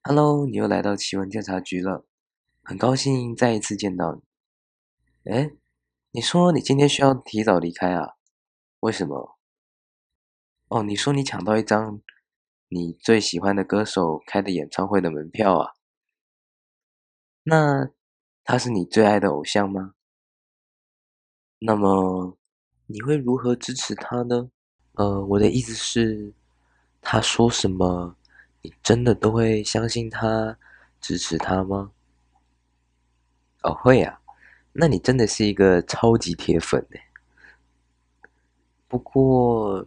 哈嘍，Hello，你又來到奇聞調查局了，很高興再一次見到你。哎，你說你今天需要提早離開啊？為什麼？哦，你說你搶到一張你最喜歡的歌手開的演唱會的門票啊？那他是你最愛的偶像嗎？那麼你會如何支持他呢？呃，我的意思是，他說什麼？你真的都會相信他，支持他嗎？哦，會呀、啊。那你真的是一個超級鐵粉呢。不過，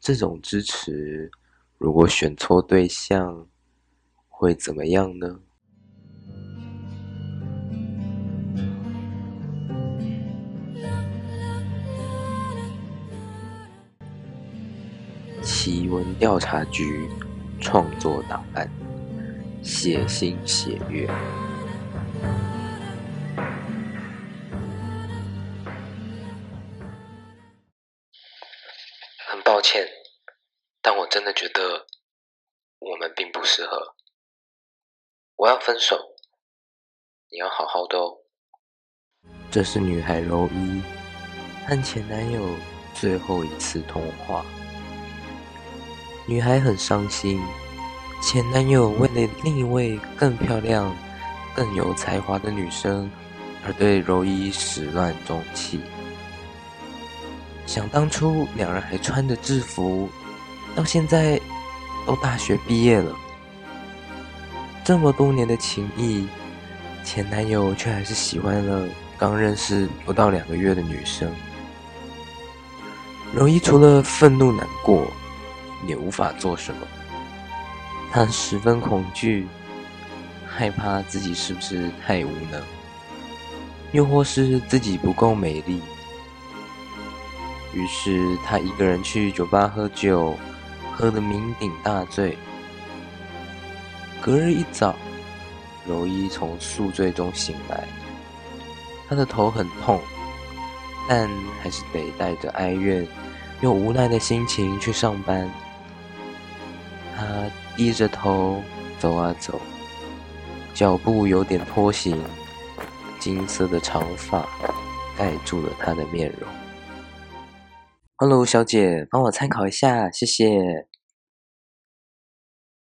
這種支持如果選錯對象，會怎麼樣呢？奇聞調查局。創作檔案，血腥血月。很抱歉，但我真的覺得我們並不適合。我要分手，你要好好的哦。這是女孩柔伊和前男友最後一次通話。女孩很傷心，前男友為了另一位更漂亮、更有才華的女生，而對柔伊始亂終棄。想當初兩人還穿着制服，到現在都大學畢業了，這麼多年的情誼，前男友卻還是喜歡了剛認識不到兩個月的女生。柔伊除了憤怒、難過。也無法做什麼，他十分恐懼，害怕自己是不是太無能，又或是自己不夠美麗。於是他一個人去酒吧喝酒，喝得酩酊大醉。隔日一早，柔伊從宿醉中醒來，他的頭很痛，但還是得帶着哀怨又無奈的心情去上班。他低着頭走啊走，腳步有點拖行。金色的長髮蓋住了他的面容。Hello，小姐，幫我參考一下，謝謝。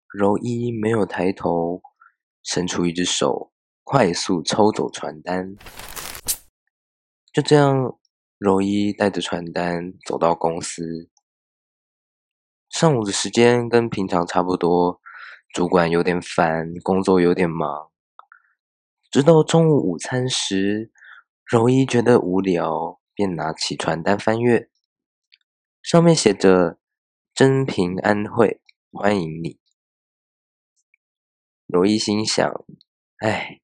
柔伊沒有抬頭，伸出一隻手，快速抽走傳單。就這樣，柔伊帶着傳單走到公司。上午的時間跟平常差不多，主管有點煩，工作有點忙。直到中午午餐時，柔一覺得無聊，便拿起傳單翻閱，上面寫着“真平安會歡迎你”。柔一心想：“哎，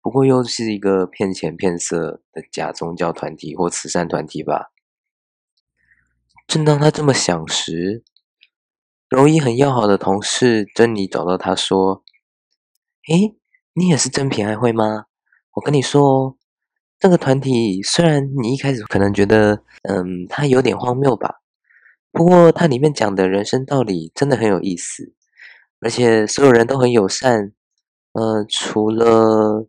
不過又是一個騙錢騙色的假宗教團體或慈善團體吧。”正當他這麼想時，柔毅很要好的同事珍妮找到他說：“誒，你也是珍品愛會嗎？我跟你說哦，這個團體雖然你一開始可能覺得，嗯，他有點荒謬吧，不過他裡面講的人生道理真的很有意思，而且所有人都很友善。呃，除了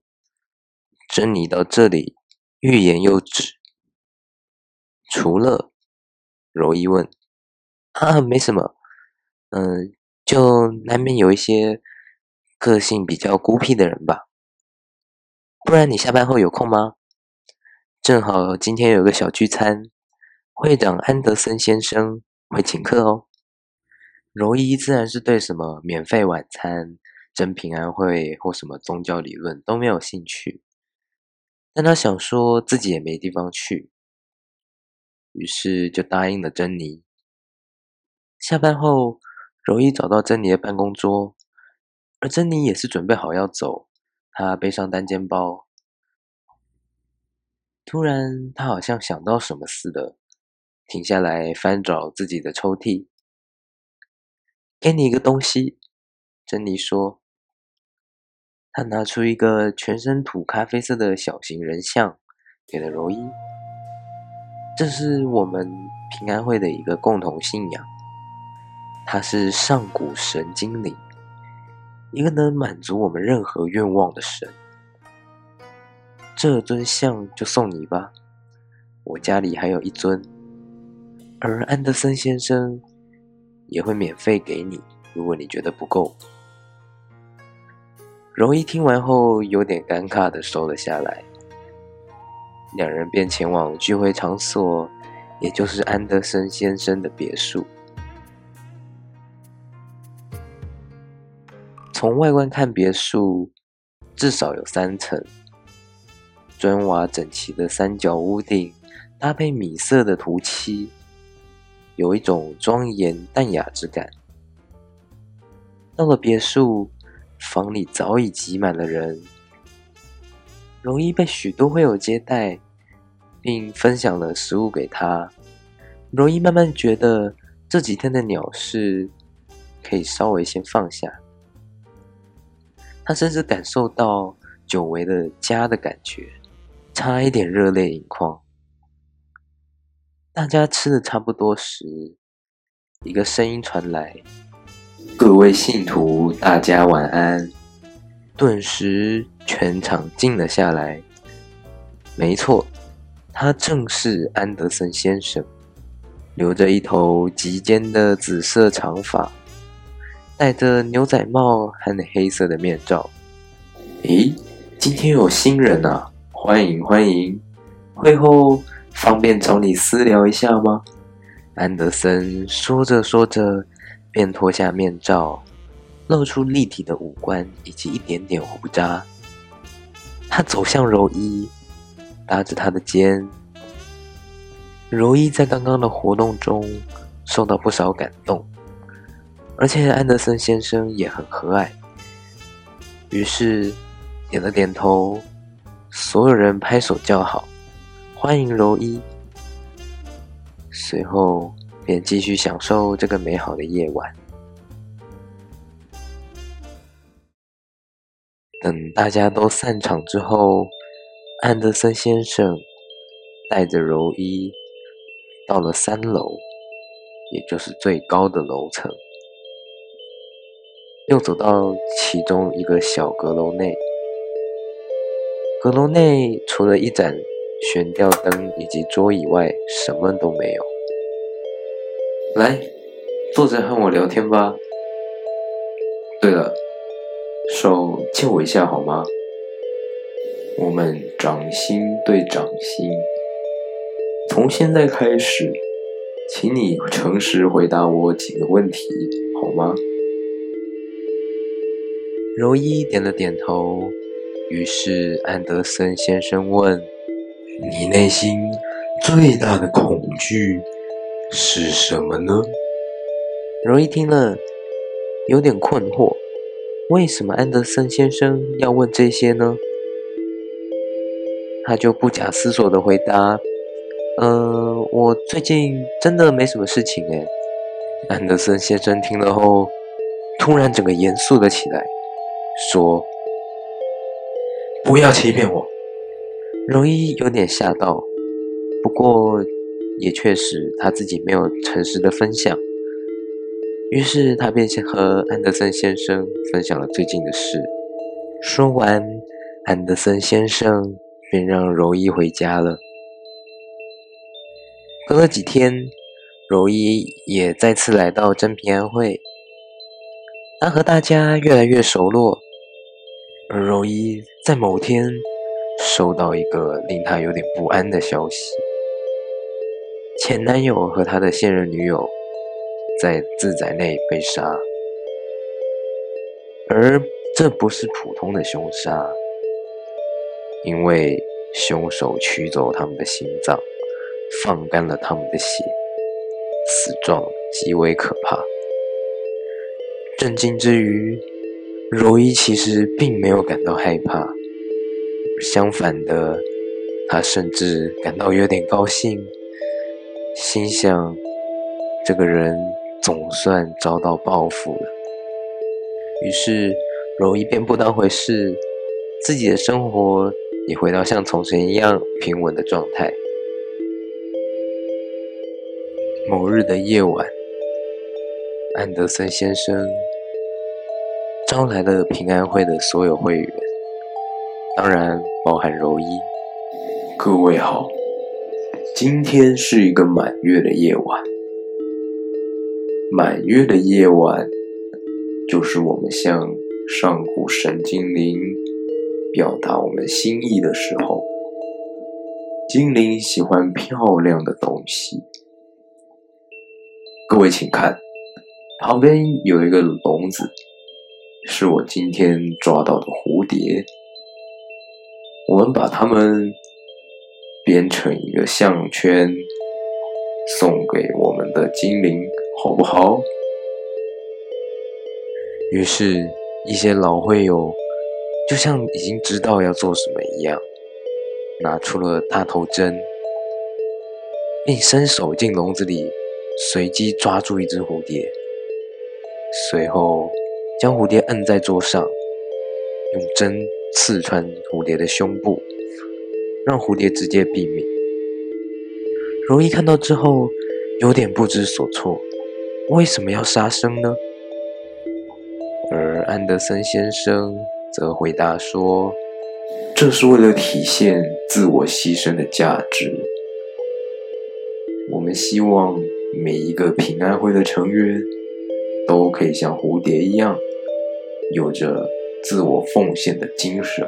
珍妮到這裡欲言又止，除了柔毅問啊，沒什麼。”嗯，就難免有一些個性比較孤僻的人吧。不然你下班後有空嗎？正好今天有個小聚餐，會長安德森先生會請客哦。柔伊自然是對什麼免費晚餐、真平安會或什麼宗教理論都沒有興趣，但他想說自己也沒地方去，於是就答應了珍妮。下班後。柔伊找到珍妮的辦公桌，而珍妮也是準備好要走。她背上單肩包，突然她好像想到什麼似的，停下來翻找自己的抽屜。“給你一個東西。”珍妮說。她拿出一個全身土咖啡色的小型人像，給了柔伊。“這是我們平安會的一個共同信仰。”他是上古神靈裡，一個能滿足我們任何願望的神。這尊像就送你吧，我家裡還有一尊。而安德森先生也會免費給你，如果你覺得不夠。柔伊聽完後，有點尷尬的收了下來。兩人便前往聚會場所，也就是安德森先生的別墅。從外觀看，別墅至少有三層，磚瓦整齊的三角屋頂，搭配米色的塗漆，有一種莊嚴淡雅之感。到了別墅，房裡早已擠滿了人。羅伊被許多會友接待，並分享了食物給他。羅伊慢慢覺得，這幾天的鳥事可以稍微先放下。他甚至感受到久違的家的感覺，差一點熱淚盈眶。大家吃的差不多時，一個聲音傳來：“各位信徒，大家晚安。”頓時全場靜了下來。沒錯，他正是安德森先生，留着一頭及肩的紫色長髮。戴着牛仔帽和黑色的面罩。咦，今天有新人啊！歡迎歡迎。會後方便找你私聊一下嗎？安德森說着說着，便脫下面罩，露出立體的五官以及一點點鬍渣。他走向柔伊，搭着她的肩。柔伊在剛剛的活動中受到不少感動。而且安德森先生也很和藹，於是點了點頭。所有人拍手叫好，歡迎柔伊。隨後便繼續享受這個美好的夜晚。等大家都散場之後，安德森先生帶着柔伊到了三樓，也就是最高的樓層。又走到其中一個小閣樓內，閣樓內除了一盞懸吊燈以及桌椅外，什麼都沒有。來，坐着和我聊天吧。對了，手、so, 借我一下好嗎？我們掌心對掌心，從現在開始，請你誠實回答我幾個問題，好嗎？柔伊點了點頭，於是安德森先生問：“你內心最大的恐懼是什麼呢？”柔伊聽了有點困惑：“為什麼安德森先生要問這些呢？”他就不假思索的回答：“呃，我最近真的沒什麼事情誒。”安德森先生聽了後，突然整個嚴肅了起來。說：“不要欺騙我。”柔伊有點嚇到，不過也確實他自己沒有誠實的分享。於是他便先和安德森先生分享了最近的事。說完，安德森先生便讓柔伊回家了。隔了幾天，柔伊也再次來到真平安會，他和大家越來越熟絡。而柔伊在某天收到一個令他有點不安的消息：前男友和他的現任女友在自宅內被殺，而這不是普通的兇殺，因為凶手取走他們的心臟，放乾了他們的血，死狀極為可怕。震驚之餘。柔伊其實並沒有感到害怕，相反的，他甚至感到有點高興，心想：這個人總算遭到報復了。於是，柔伊便不當回事，自己的生活也回到像從前一樣平穩的狀態。某日的夜晚，安德森先生。招來了平安會的所有會員，當然包含柔一。各位好，今天是一個滿月的夜晚。滿月的夜晚，就是我們向上古神精靈表達我們心意的時候。精靈喜歡漂亮的東西，各位請看，旁邊有一個籠子。是我今天抓到的蝴蝶，我們把它們編成一個項圈，送給我們的精靈，好不好？於是，一些老會友就像已經知道要做什麼一樣，拿出了大頭針，並伸手進籠子裡，隨機抓住一只蝴蝶。隨後，將蝴蝶摁在桌上，用針刺穿蝴蝶的胸部，讓蝴蝶直接斃命。如意看到之後，有點不知所措：“為什麼要殺生呢？”而安德森先生則回答說：“這是為了體現自我犧牲的價值。我們希望每一個平安會的成員。”都可以像蝴蝶一樣，有着自我奉獻的精神。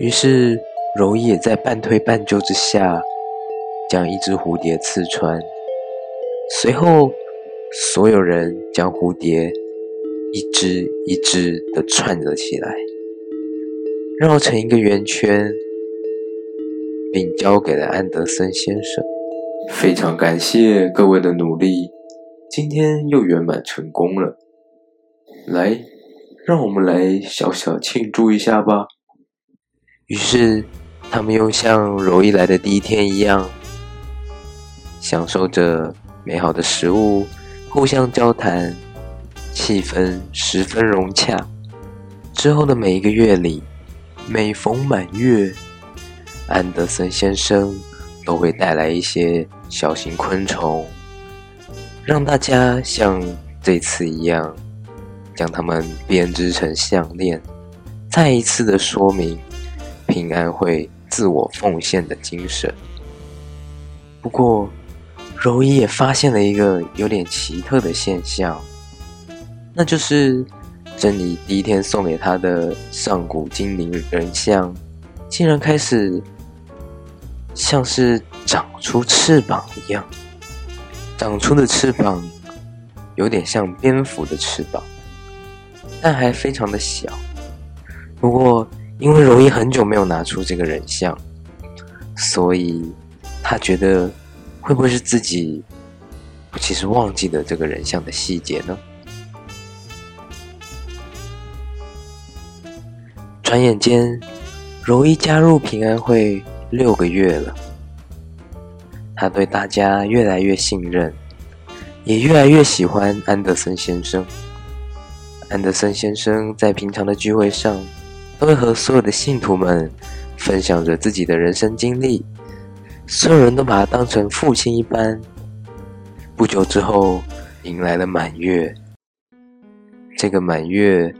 於是，柔儀也在半推半就之下，將一隻蝴蝶刺穿。隨後，所有人將蝴蝶一隻一隻的串了起來，繞成一個圓圈，並交給了安德森先生。非常感謝各位的努力。今天又圓滿成功了，來，讓我們來小小慶祝一下吧。於是，他們又像柔伊來的第一天一樣，享受着美好的食物，互相交談，氣氛十分融洽。之後的每一個月裡，每逢滿月，安德森先生都會帶來一些小型昆蟲。讓大家像這次一樣，將它們編織成項鏈再一次的說明平安會自我奉獻的精神。不過，柔伊也發現了一個有點奇特的現象，那就是珍妮第一天送給她的上古精靈人像，竟然開始像是長出翅膀一樣。長出的翅膀有點像蝙蝠的翅膀，但還非常的小。不過，因為柔伊很久沒有拿出這個人像，所以他覺得會不會是自己不其實忘記了這個人像的細節呢？轉眼間，柔伊加入平安會六個月了。他對大家越來越信任，也越來越喜歡安德森先生。安德森先生在平常的聚會上，他會和所有的信徒們分享着自己的人生經歷，所有人都把他當成父親一般。不久之後，迎來了滿月。這個滿月，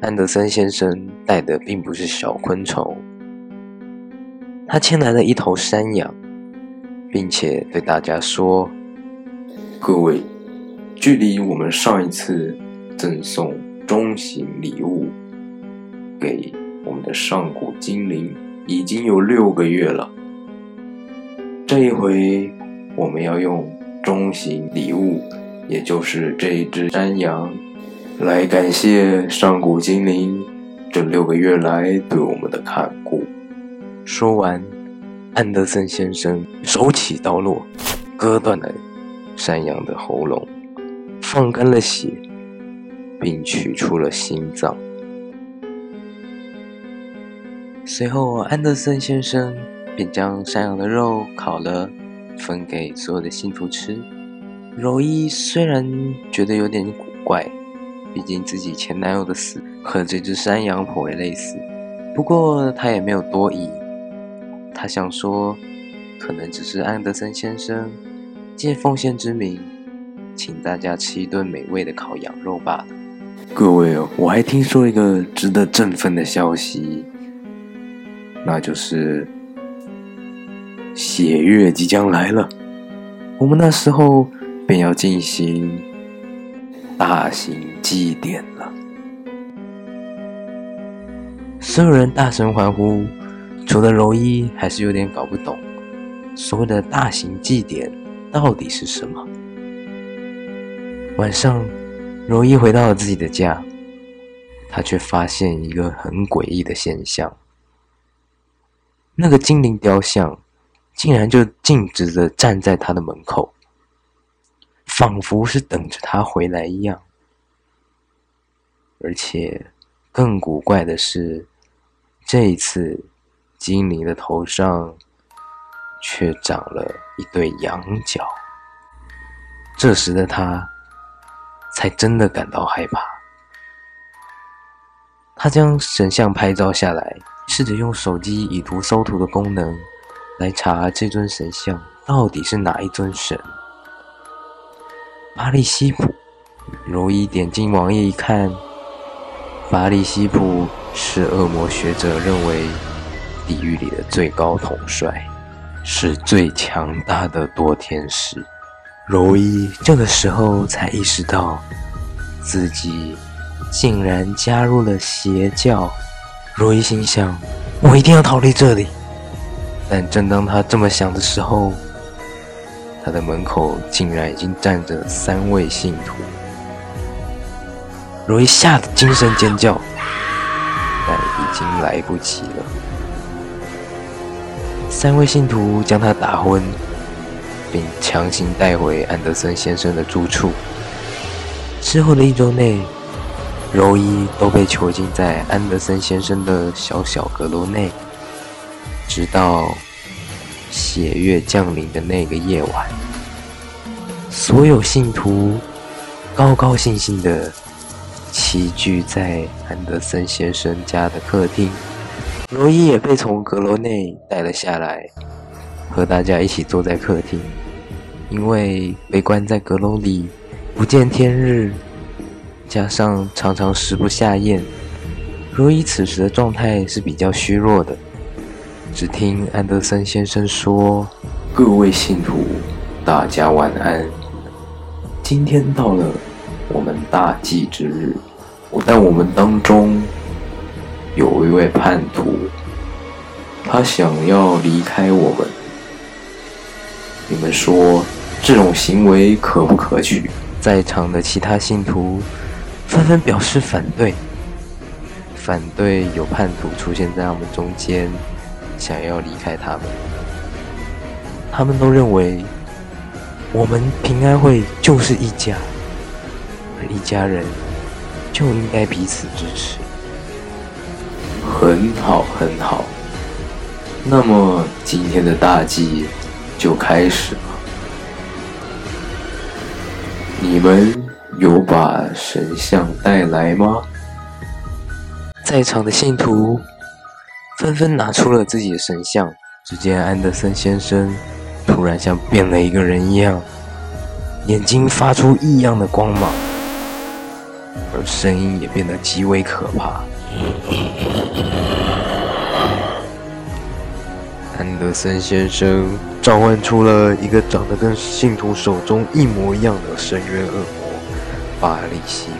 安德森先生帶的並不是小昆蟲，他牽來了一頭山羊。並且對大家說：“各位，距離我們上一次贈送中型禮物給我們的上古精靈已經有六個月了。這一回，我們要用中型禮物，也就是這一隻山羊，來感謝上古精靈這六個月來對我們的看顧。”說完。安德森先生手起刀落，割斷了山羊的喉嚨，放乾了血，並取出了心臟。隨後，安德森先生便將山羊的肉烤了，分給所有的信徒吃。柔伊雖然覺得有點古怪，畢竟自己前男友的死和這隻山羊頗為類似，不過她也沒有多疑。他想說，可能只是安德森先生借奉獻之名，請大家吃一頓美味的烤羊肉吧。各位，我還聽說一個值得振奮的消息，那就是血月即將來了，我們那時候便要進行大型祭典了。所有人大聲歡呼。除了柔一，還是有點搞不懂所謂的大型祭典到底是什麼。晚上，柔一回到了自己的家，他卻發現一個很詭異的現象：那個精靈雕像竟然就靜止的站在他的門口，仿佛是等着他回來一樣。而且更古怪的是，這一次。精靈的頭上，卻長了一對羊角。這時的他，才真的感到害怕。他將神像拍照下來，試着用手機以圖搜圖的功能，來查這尊神像到底是哪一尊神。巴利西普，如一點進網頁一看，巴利西普是惡魔學者認為。地獄裡的最高統帥，是最強大的墮天使。如一這個時候才意識到，自己竟然加入了邪教。如一心想，我一定要逃離這裡。但正當他這麼想的時候，他的門口竟然已經站着三位信徒。如一嚇得驚聲尖叫，但已經來不及了。三位信徒將他打昏，並強行帶回安德森先生的住處。之後的一周內，柔伊都被囚禁在安德森先生的小小閣樓內，直到血月降臨的那個夜晚，所有信徒高高興興地齊聚在安德森先生家的客廳。羅伊也被從閣樓內帶了下來，和大家一起坐在客廳。因為被關在閣樓裡，不見天日，加上常常食不下嚥，羅伊此時的狀態是比較虛弱的。只聽安德森先生說：“各位信徒，大家晚安。今天到了我們大祭之日，我在我們當中。”有一位叛徒，他想要離開我們。你們說這種行為可不可取？在場的其他信徒紛紛表示反對，反對有叛徒出現在他們中間，想要離開他們。他們都認為，我們平安會就是一家，而一家人就應該彼此支持。很好，很好。那麼今天的大祭就開始了。你們有把神像帶來嗎？在場的信徒紛紛拿出了自己的神像。只見安德森先生突然像變了一個人一樣，眼睛發出異樣的光芒，而聲音也變得極為可怕。安德森先生召喚出了一個長得跟信徒手中一模一樣的深淵惡魔巴利西姆。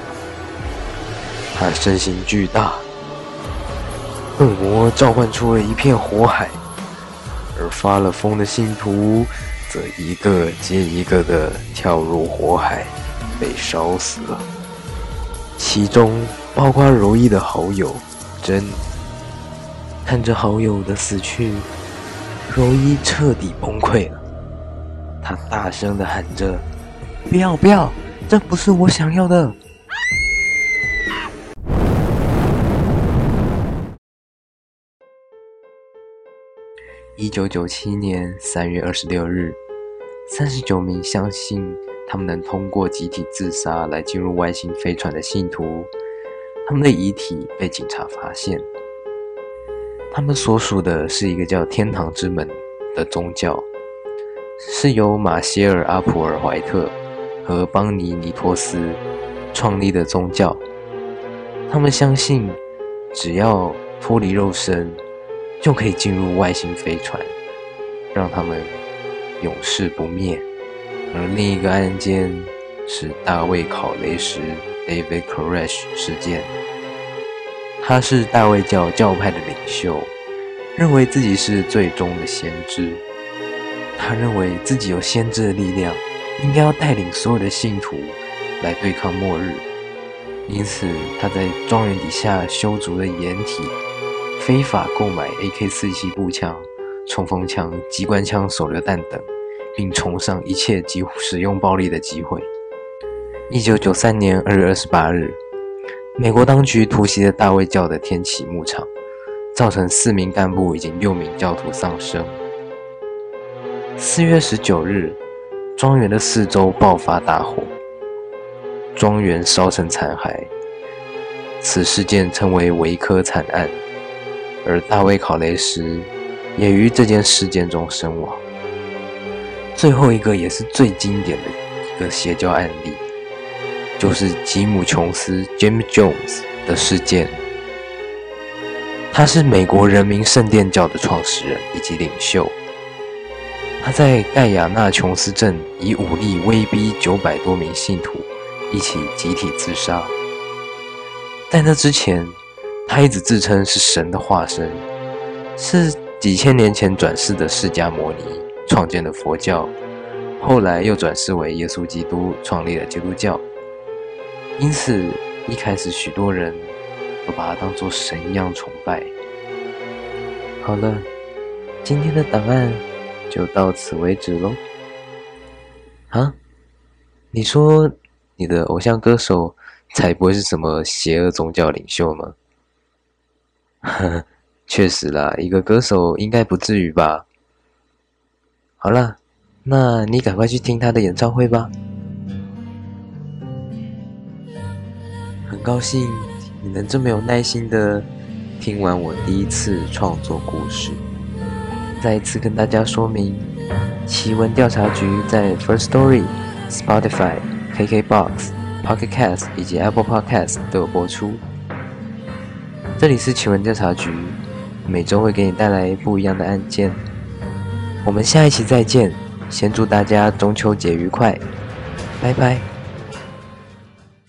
他身形巨大，惡魔召喚出了一片火海，而發了瘋的信徒則一個接一個地跳入火海，被燒死了，其中包括如意的好友。真看着好友的死去，柔伊徹底崩潰了。她大聲的喊着：“不要不要，這不是我想要的！”一九九七年三月二十六日，三十九名相信他們能通過集體自殺來進入外星飛船的信徒。他們的遺體被警察發現。他們所屬的是一個叫“天堂之門”的宗教，是由馬歇爾·阿普爾懷特和邦尼·尼托斯創立的宗教。他們相信，只要脫離肉身，就可以進入外星飛船，讓他們永世不滅。而另一個案件是大衛·考雷什。David Koresh 事件，他是大衛教教派的領袖，認為自己是最終的先知。他認為自己有先知的力量，應該要帶領所有的信徒來對抗末日。因此，他在莊園底下修築了掩體，非法購買 AK 四七步槍、衝鋒槍、機關槍、手榴彈等，並崇尚一切及使用暴力的機會。一九九三年二月二十八日，美國當局突襲了大衛教的天啟牧場，造成四名幹部以及六名教徒喪生。四月十九日，莊園的四周爆發大火，莊園燒成殘骸。此事件稱為維科慘案，而大衛考雷什也於這件事件中身亡。最後一個也是最經典的一個邪教案例。就是吉姆·瓊斯 （Jim Jones） 的事件。他是美國人民聖殿教的創始人以及領袖。他在蓋亞納瓊斯鎮以武力威逼九百多名信徒一起集體自殺。在那之前，他一直自稱是神的化身，是幾千年前轉世的釋迦摩尼創建的佛教，後來又轉世為耶穌基督創立了基督教。因此，一開始許多人都把他當作神一樣崇拜。好了，今天的檔案就到此為止嘍。啊？你說你的偶像歌手才不會是什麼邪惡宗教領袖嗎？呵呵，確實啦，一個歌手應該不至於吧。好啦，那你趕快去聽他的演唱會吧。很高興你能這麼有耐心的聽完我第一次創作故事，再一次跟大家說明，奇聞調查局在 First Story、Spotify、KKBox、Pocket Casts 以及 Apple Podcasts 都有播出。這裡是奇聞調查局，每周會給你帶來不一,一樣的案件。我們下一期再見，先祝大家中秋節愉快，拜拜。